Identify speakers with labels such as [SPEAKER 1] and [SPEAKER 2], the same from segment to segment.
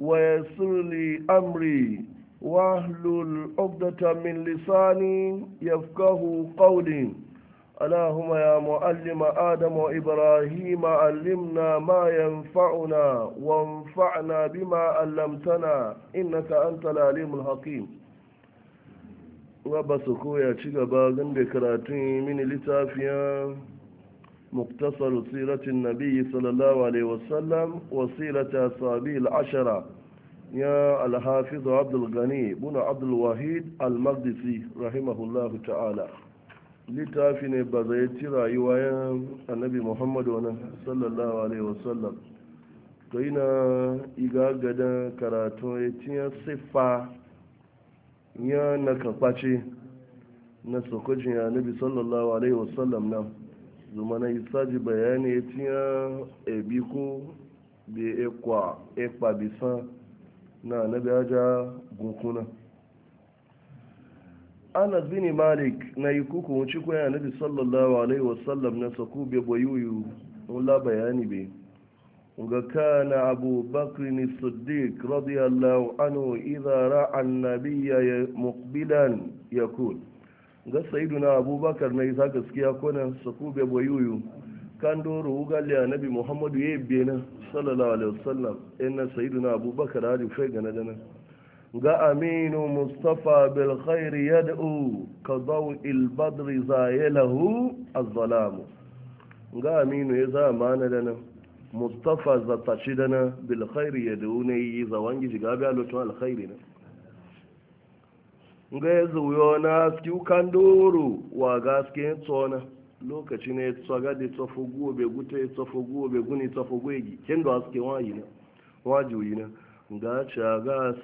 [SPEAKER 1] ويسر لي أمري واحلل عقدة من لساني يفقه قولي اللهم يا معلم آدم وإبراهيم علمنا ما ينفعنا وانفعنا بما علمتنا إنك أنت العليم الحكيم رب سكويا تشيغا باغن بكراتين من لتافيا مقتصر سيرة النبي صلى الله عليه وسلم وسيرة أصحابه العشرة يا الحافظ عبد الغني بن عبد الوهيد المقدسي رحمه الله تعالى littafin ba zai ci rayuwa yan annabi muhammadu wani sallallahu alaihi wasallam to yi na ya siffa ya na karɓace na sokojin ya annabi sallallahu alaihi wasallam nan zumana ji bayani ya tiya ebi ko bi ekwa ekpa bisan na anabi aja gunkuna anas bin malik na yi kuku wuce kwaya anabi sallallahu alaihi wasallam na saku bai bayuyu wula bayani bai ga kana abu bakri ni siddiq radiyallahu anhu idha ra'a an-nabiyya muqbilan yaqul ga na abubakar na isa gaskiya kona sakube boyuyu kan doro ugali nabi muhammadu ya biye na sallallahu alaihi wasallam Saidu na abubakar hadi fai gane nadana ga aminu mustapha bil ya da'u ka dawil badri zayalahu az-zalamu ga aminu ya zama na dana ta ci dana bil ya da'u ne yi zawangi shiga a alotun al alkhairi na ga ya zuwa na haske kan doro wa ga haske tsona lokaci ne tsaga da tsafo gobe guta ya tsafo gobe guni tsafo gwegi kin da haske wayi na wajuyi na ga cha ga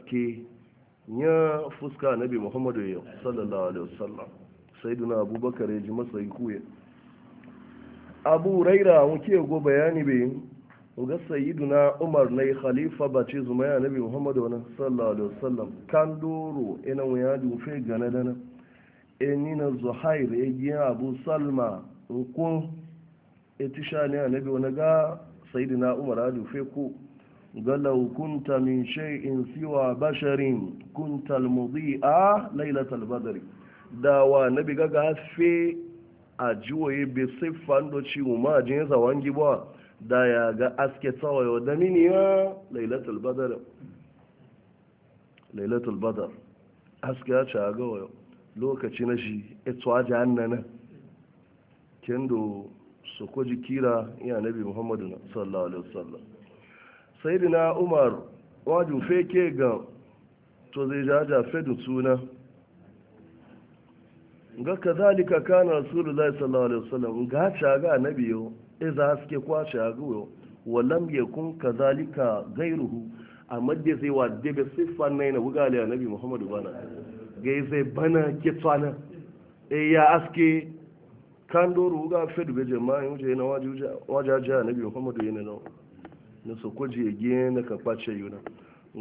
[SPEAKER 1] ya fuska nabi muhammadu yau sallallahu alaihi wasallam sayyiduna abubakar ya ji masa kuye abu raira muke go bayani bai uga na umar na khalifa bace zuma ya nabi muhammadu wani sallallahu alaihi wasallam kan doro ina wuya dufe gane dana eni na zuhair ya e giya abu salma ko etisha ne a nabi wani ga na, umar ya dufe ko galau kunta min shay'in siwa basharin kunta almudhi'a lailatal da wa nabi ga gafe a jiwaye be siffan do ciwo ma jinsa wangi ba da ya ga aske tsawayo da miniya lailatul badar lailatul badar aske ya caga wayo lokaci na shi ita jihannana kendo su kwaji kira ya nabi muhammadu sallallahu alaihi wasallam sai dina umar wajen feke ga to zai jaja fedu suna ga kazalika kana rasulullahi sallallahu alaihi wasallam ga caga na biyu iza haske kwashe a wa walam ya kun ka zalika gairuhu a madde sai wa daga siffan na yana bugali a nabi muhammadu bana gai sai bana tsana e ya aske kan doro wuga fedu bai jama'a yau yana wajajen a nabi muhammadu yana nan na su kwaji ya gina na kakwace yuna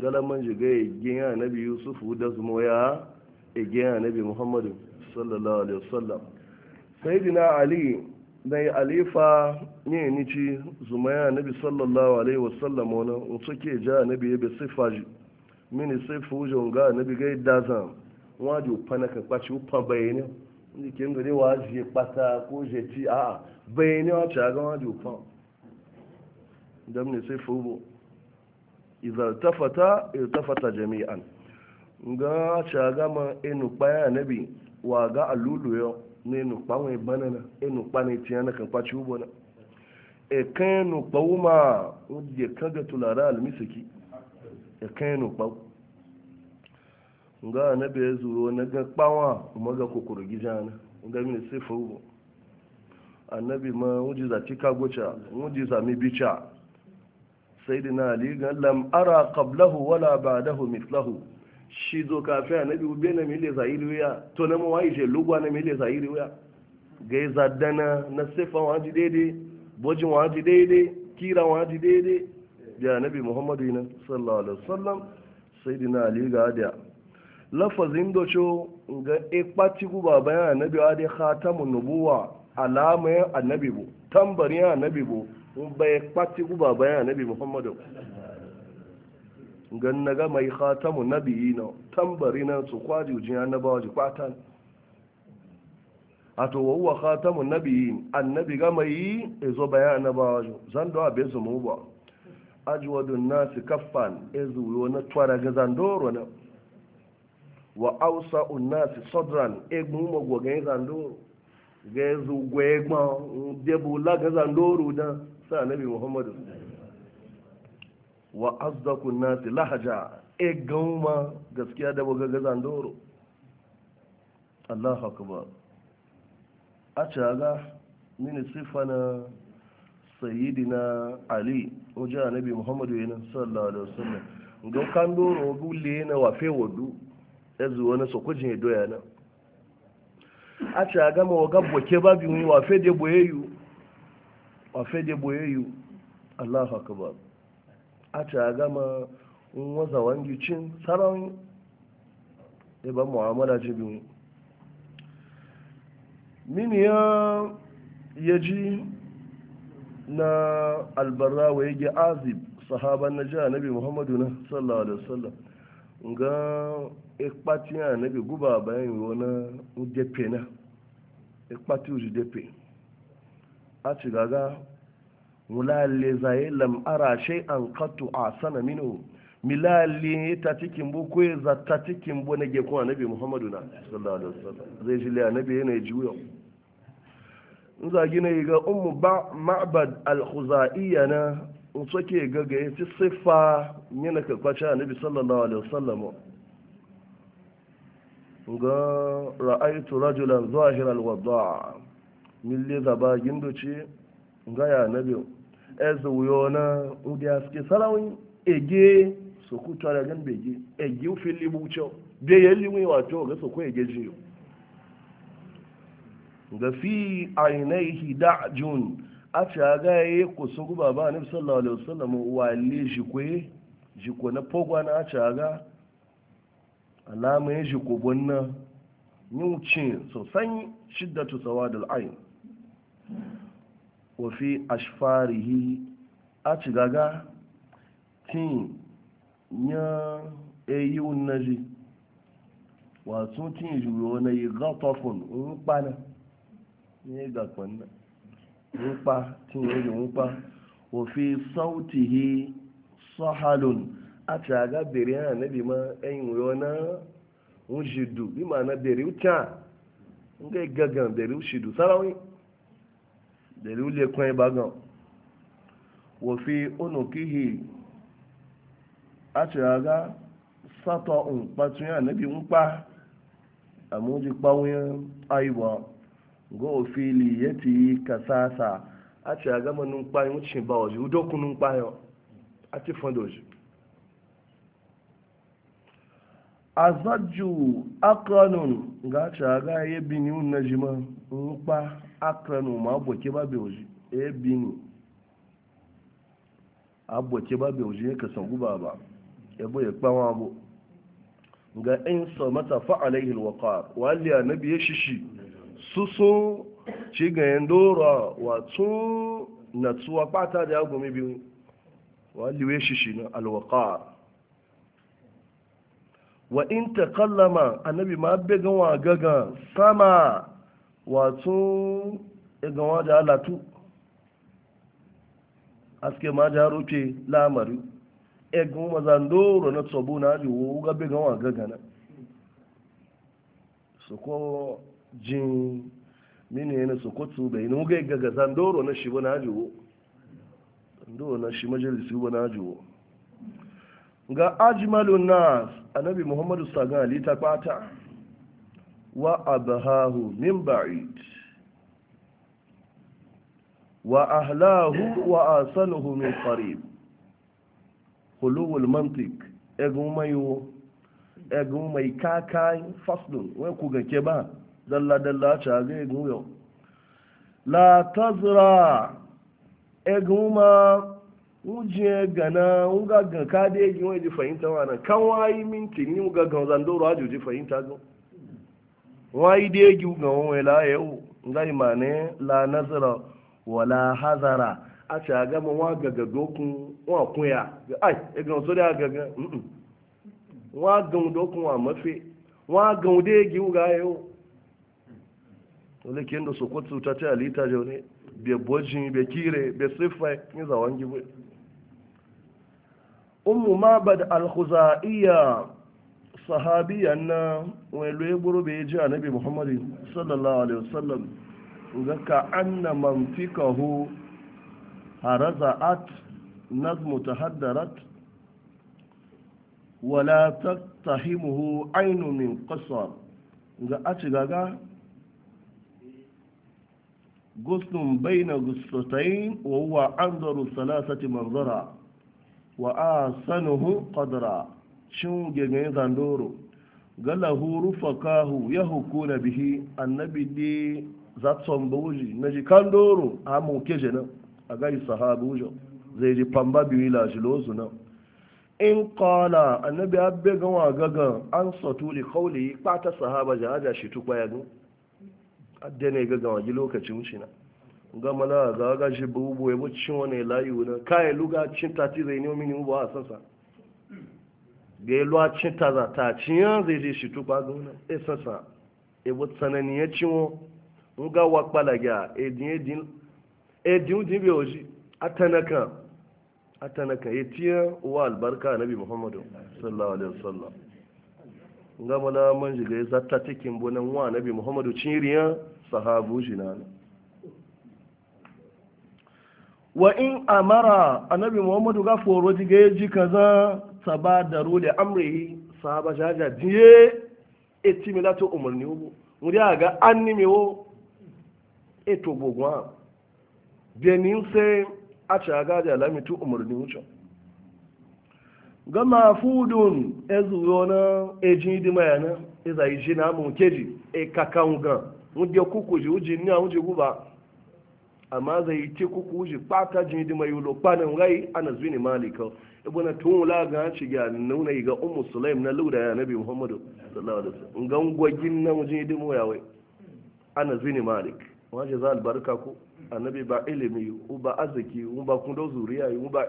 [SPEAKER 1] galaman jiga ya gina a nabi Yusuf, da zuma ya gina a nabi muhammadu sallallahu alaihi wasallam sayyidina ali na yi alifa ne ni na zumaya nabi sallallahu alaihi wasallam wani wasu ke ja nabi ya bai sifa ji mini sifa wujen ga nabi gai daza waje upa na kan kwaci upa bayani wani ke ngare wa je pata ko je ci a a bayani wa ca ga waje upa dam ne sifa ubo idan tafata irtafata jami'an ga ca ma enu kpaya nabi wa ga alulu yau na enukpa nwe bana na enukpa na etiya na kan kwaci ubo na ekan enukpa wuma wadda kan ga tulara almisiki ekan enukpa nga na bai zuro na ga kpawa kuma ga kokoro gijana nga mini sefa ubo annabi ma wuji za cika gocha wuji za mi bica sayyidina ali ga lam ara qablahu wala ba'dahu mithlahu shi zo kafin annabi ube na mele zahiri wuya to na mawayi je lugwa na mele zahiri wuya ga yi zaddana na sefa waji daidai bojin waji daidai kira waji daidai da nabi muhammadu na. sallallahu alaihi wasallam sai dina ali ga da lafazin doco ga ikpati guba bayan annabi wa dai khatamun nubuwa alamayan annabi bu tambarin annabi bu bai ikpati guba bayan annabi muhammadu gan ga mai khatamu nabiyi na tambari na su kwaji ujin annabawa ji kwatan a to uwa khatamu nabi annabi ga mai ezo bayan annabawa ji zan a bezu mu ba ajwadun nasi kaffan ezu yo na tuwara ga zando na wa ausa uNasi sodran egun mo gwogen zando ga ezu gwegbon debu la ga na sa annabi muhammadu wa azdakun nasi lahaja e gauma gaskiya da buga gazan doro Allahu akbar a caga mini sifana sayyidina ali wajen annabi muhammadu yana sallallahu alaihi wasallam don kan doro gulle na wafe wadu ya zuwa na sokojin ya doya na a caga ma waga boke babi wafe de boyeyu wafe de boyeyu Allahu akbar a ta gama nwa waza wangi cin tsaron iban mu'amala jibin mini ya yaji na albarra wa yage azib sahaban na jiya nabi muhammadu na sallawa da wasallam ga ikpati ya nabi guba bayan wani udepe na ikpati uji depe a ci gaga mulalle zaye lam'ara shai an katu a minu milali ta cikin bu ko za ta cikin bu na ko annabi muhammadu na sallallahu alaihi wasallam zai ji le annabi ne ji wuya in za gina yi ga ummu ba ma'bad al-khuzaiya na in soke ga ga yace sifa yana ka kwace annabi sallallahu alaihi wasallam ga ra'aytu rajulan zahira al-wada'a min li zaba gindoci ga ya annabi ezuyo na udi aske sarawin ege soku tara gan bege ege ufili bucho be yeli wi wato ga soku ege ji ga fi ainihi da'jun a caga ya yi kusan baba ba nabi sallallahu alaihi wasallam wale jikwe jiko na pogwa na a caga alama ya jiko bonna yin cin sosan shiddatu sawadul ain wafi ashfarihi a ci gaga tin ya eyi unnaji wato tin juyo na yi gatofun npa na ne gakon na npa tin yi npa wafi sautihi sahalun a ci beri bere na nabi ma ɗan yi na wujidu bi ma na bere wuta nga gagan bere wujidu sarawin dalilin kwan bagan wafi onukihi a ga sato nkpatun ya nabi nkpa amuji kpawun aiwa ga ofili ya ti kasasa a ga manu nkpa yi wucin ba oji udokunu nkpa yau a azaju ga a ga akranu ma boke ba bai waje e bini aboke ba bai waje ka kasan guba ba e ya e kpawa bo ga in so mata fa alaihi alwaqar wali annabi ya shishi suso ci ga yandora wato natsuwa pata da agumi biyu wali we shishi na alwaqar wa in takallama annabi ma be gawa gaga sama wato igan waje alatu aske ma ja rufe lamari na tsobo na aji wo gabe gan su ko jin mini na su ko tube ne muga zandoro na shi ba na aji wo zandoro na shi na aji ga nas muhammadu sallallahu ta wa abahahu min ba'id wa ahlahu wa asanuhu min qarib khuluwul mantiq egun mayo egun mai kakai faslun wai ku gake ba dalla dalla ha ga egwu yo la tazra egun ma uje gana unga ka ka de egun ji fahimta wana kan wayi minti ni unga ga zandoro ajuji fahimta go nwaanyị dị egi ga onwela yawu ngaghị ma na la nazara wala hazara a ce a gama nwa gagaga okun nwa kun ya ai egan so da gaga nwa gan da okun wa mafi nwa gan da egi ga yawu wale ke da sokoto ta ta alita jau ne be bojin be kire be sifai ni zawangi ummu mabad al-khuzaiya صحابيا ولبر بيجي النبي محمد صلى الله عليه وسلم ذكى أن من منطقه هرزعت نظم تهدرت ولا تتهمه عين من قصر ذكى أتغى غصن بين غصتين وهو أنظر ثلاثة منظرة وآسنه قدرًا cin gegen zandoro galahu rufakahu ya hukuna bihi annabi di zatson buji na ji kan doro a mu ji nan a gari sahabu jo zai ji pamba biyu laji lozu nan in kola annabi abbe ga wa gaga an satu li kpata sahaba ja da shi tukwa ya gun addene gaga wa ji lokacin wuce na gama na ga ga shi bubu ya bucin wani layu na kayan luga cin tati zai ne mu ba a sasa gailuwa cin luwacin ta ciyan zai je shi tukwa ga wuna e sassa e bu tsanani ya ciwo n ga wa kpala ga edin e, e, udin bai oji atanaka atanaka e, ya tiya uwa albarka nabi muhammadu sallallahu alaihi wasallam ga mana man jiga ya zata cikin bonan wa nabi muhammadu riyan sahabu jinana wa in amara anabi muhammadu ga foro jiga ya ji kaza saba tabadaru li amrihi sahaba jaja diye etimilatu umarni ugwu muri aga annimi wo eto gbogbo benin se a caga da lamitu umarni wuce gama fudun ezuyo na ejin idima mayana eza iji na amu keji e kakan gan wunde ji uji ni a guba amma zai ce kuku ji pata jini di mai ulo panan rai ana zuini malika ibn tun la ga ci ga nuna ga ummu sulaim na lura ya nabi muhammadu ngan gwagin nan jini di ana zuini malik wa za albarka ku annabi ba ilimi u ba arziki u ba kun zuriya ba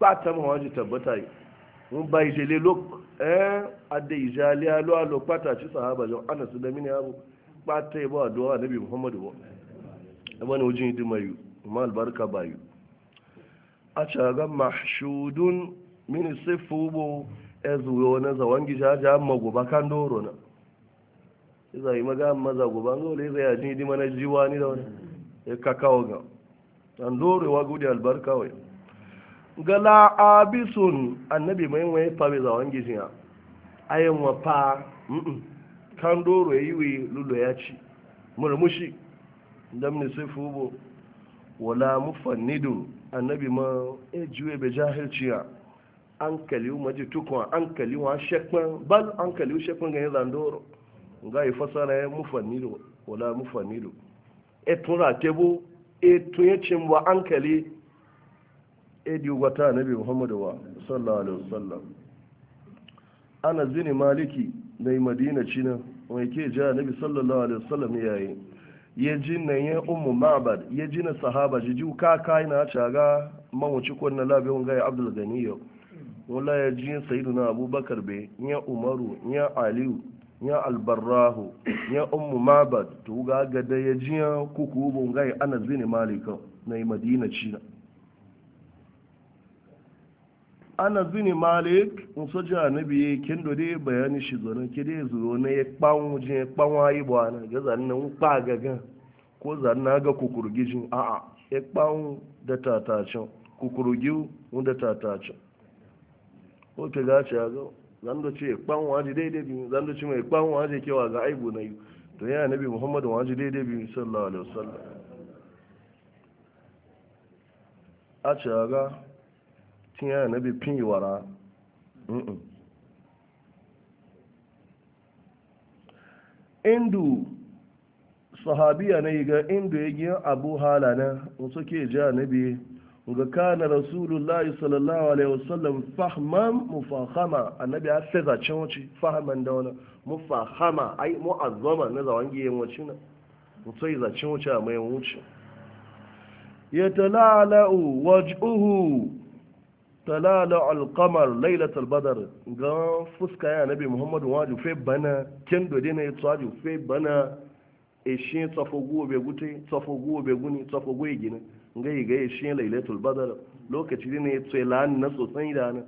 [SPEAKER 1] ma tabbata yi ba eh pata ci sahaba jo ana su da mini abu ba do annabi muhammadu wani wajen yi dimayu ma albarka bayu a caga mashudun mini sifu bo ezuwo na zawon gija ja magoba kan doro na iza yi maga maza goba ngo iza zai ajin di na jiwa ni da wani ya e kakawa ga an doro wa gudi albarka wai gala abisun annabi mai wai fa zawon gijin ayen wa fa kan doro e yi wuyi lullo ya ci murmushi damni sifu bo wala mufannidun annabi ma ejuwe be jahilciya an kaliu maji tukun an kaliu an shekpan bal an kaliu shekpan ga zandoro nga yi fasara ya mufannidu wala mufannidu e tura tebo e tunye cimwa an kali e diugwata annabi muhammadu wa sallallahu alaihi wasallam ana zini maliki na madina cinan wai ke ja annabi sallallahu alaihi wasallam yayi ya ji na ya umu ma'abar ya ji na sahaba ji ji ka kai na caga mawuci ko na labe wanga ya abdul yau wala ya ji na abubakar be ya umaru ya aliyu ya albarrahu ya umu ma'abar to ga gada ya ji kuku bunga gaya ana zini malikan na madina cina ana zini malik musoji annabi kin kendo dai bayani shi zona ki dai zo na ya kpanwu je ya kpanwu ayi bo ana ga zan nan kpa gaga ko zan na ga kukurgijin a a ya kpanwu da tatacin kukurgiu da tatacin o ke ga ce ga zan do ce kpanwu aji daidai bi zan do ce mai kpanwu aji kewa ga aibu na yi to ya annabi muhammadu aji daidai bi sallallahu alaihi wasallam a ce ga tiya na bi pin wara indu sahabiya ne ga indu ya giyan abu hala na wasu ke ji annabi ga kana rasulullahi sallallahu alaihi wasallam fahman mufahama annabi ya sai cin wuce. fahman da wani mufahama ai mu'azzama na zawan giyan wuce na mutai zacen wace a mai wuce ya tala'ala'u waj'uhu talala alkamar lailatul badar ga fuska ya nabi muhammadu waju fe bana ken dode na tsaju fe bana eshe tsafogu be gute tsafogu be guni tsafogu ya e gina ga yi ga eshe lailatul badar lokaci ne tsailan ya na sosan da na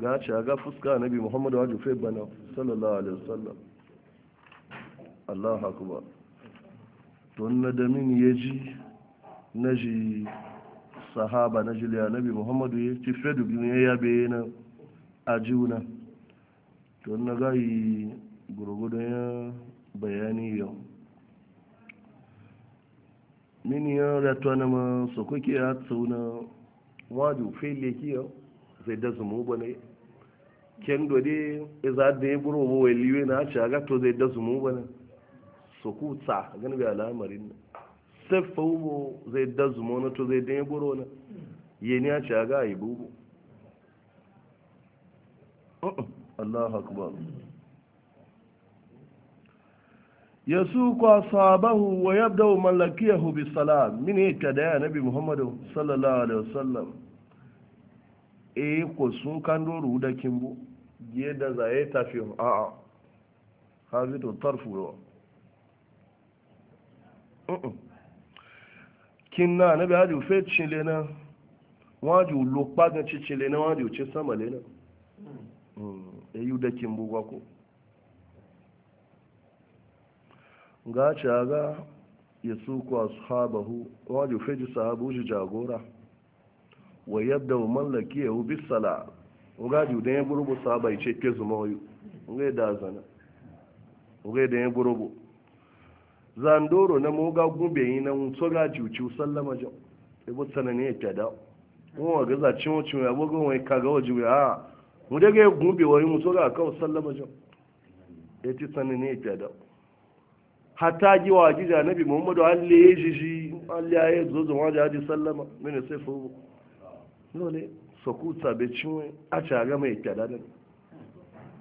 [SPEAKER 1] ga ci ga fuska ya nabi muhammadu waju fe bana sallallahu alaihi wasallam allah akbar don na da min sahaba na jiliya nabi muhammadu ya ci fedu biyu ya yabe na ajiuna to na gayi gurgudun ya bayani yau mini ya ratuwa na ma so kuke ya tsauna wadu fele kiyo zai da zumu bane ken dode za da ya buru wa liwe na ci ga to zai da zumu bane so ku ganin bi al'amarin sefa ubo zai da zuma na to zai dan boro na yeni a ga yi bubu Allah akbar yasuku asabahu wa yabda wa laqiyahu bi salam min yake da nabi muhammadu sallallahu alaihi wasallam e ko sun kan doru da kimbo je da zaye tafi a a hazi to tarfu uh kin na anabi hajji fe lena, na waji ulo pagan ci cile na waji uci sama le na hmm, eyu da kin bugwa ko ga ci aga ya su ku ashabahu waji fe ji sahabu ji jagora wa yadda wa mallaki yahu bisala ga ji da ya burubu sahaba ce ke zuma wayo ga da zana ga da ya burubu zandoro na moga gube yi na ga ciwuci sallama jau ibu sanani ya kyada wọn wa gaza cin wacin ya bugun wani kaga waje ya a ah, mu daga ya gube wani mu ga kawo sallama jau ya ci sanani ya kyada hata gi wa ji da nabi muhammadu an ya ji shi an le ya zo zama da haji sallama mini sai fubu lole sokuta bai cin wani a gama ya kyada ne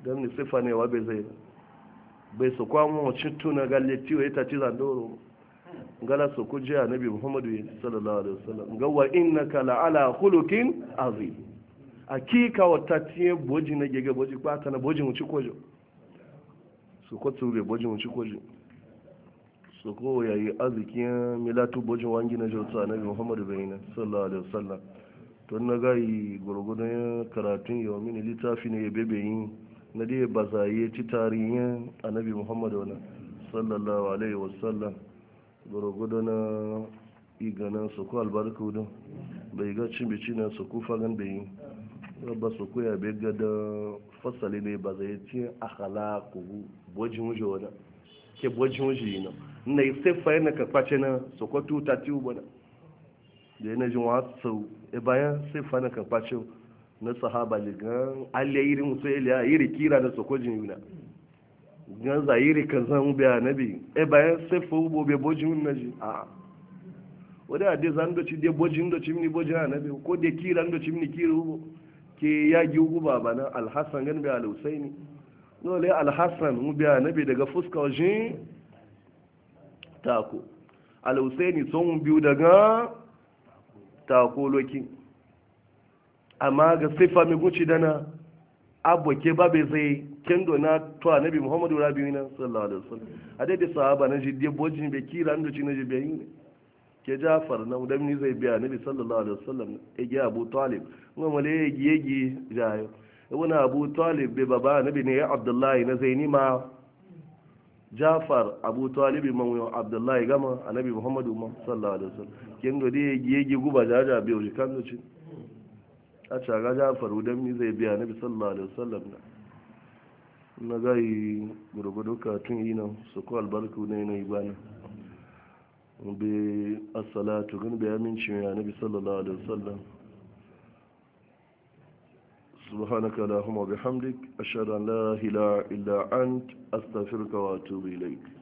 [SPEAKER 1] don ni sifa ne wa bai zai bai su kwamo wacin tuna galleti wa ita ci zandoro gala su ku jiya nabi muhammadu sallallahu alaihi wasallam ga wa ka la'ala hulukin khuluqin azim akika wata tiye boji na gege boji kwata na boji wuci kojo su ko tsure boji wuci kojo su ko yayi azikin milatu boji wangi na jota nabi muhammadu bayina sallallahu alaihi wasallam to na gayi gurgudun karatun yawmin littafi ne ya bebe yin na dai ba za yi ci tarihin annabi muhammad wani sallallahu alaihi wasallam gwargwado na iganin su ku albarka wudin bai ga cin bici na su ku fagen bai yi ba su ku yabe bai ga da fasali ne ba yi ci akala ku gwajin wuce wani ke gwajin wuce yi na na yi sai fayin na kakwace na su ku tuta tiwu wani da yana jin wasu e bayan sai fayin na kakwace na sahaba gan alle iri musu eliya iri kira da sokojin yuna gan za iri kan zan biya nabi e bayan sai fa ubo be bojin na ji a a dai zan doci dai de bojin doci mini bojin nabi ko de kira doci mini kira ubo ke ya gi ubo ba nan alhassan gan be alhusaini dole alhassan mu biya nabi daga fuska wajin tako alhusaini son biyu daga tako amma ga siffa mai guci dana aboke babe zai kendo na to nabi muhammadu rabiu na sallallahu alaihi wasallam a daidai sahaba na jidde boji be kira ndo na jibe ne ke jafar na mudan ni zai biya annabi sallallahu alaihi wasallam ya gi abu talib ngo male ya gi ya jayo wani abu talib bai baba nabi ne ya abdullahi na zaini ma jafar abu talib man abdullahi gama nabi muhammadu sallallahu alaihi wasallam kendo dai de ye ge guba jaja bai o kan ndo a caga jafar wudan mi zai biya na bisallah alaihi wasallam na na gayi gurgudu katun yi nan su ko albarku ne na ibana bi assalatu gan bi aminci ya nabi sallallahu alaihi wasallam سبحانك اللهم وبحمدك أشهد أن لا إله إلا أنت أستغفرك وأتوب إليك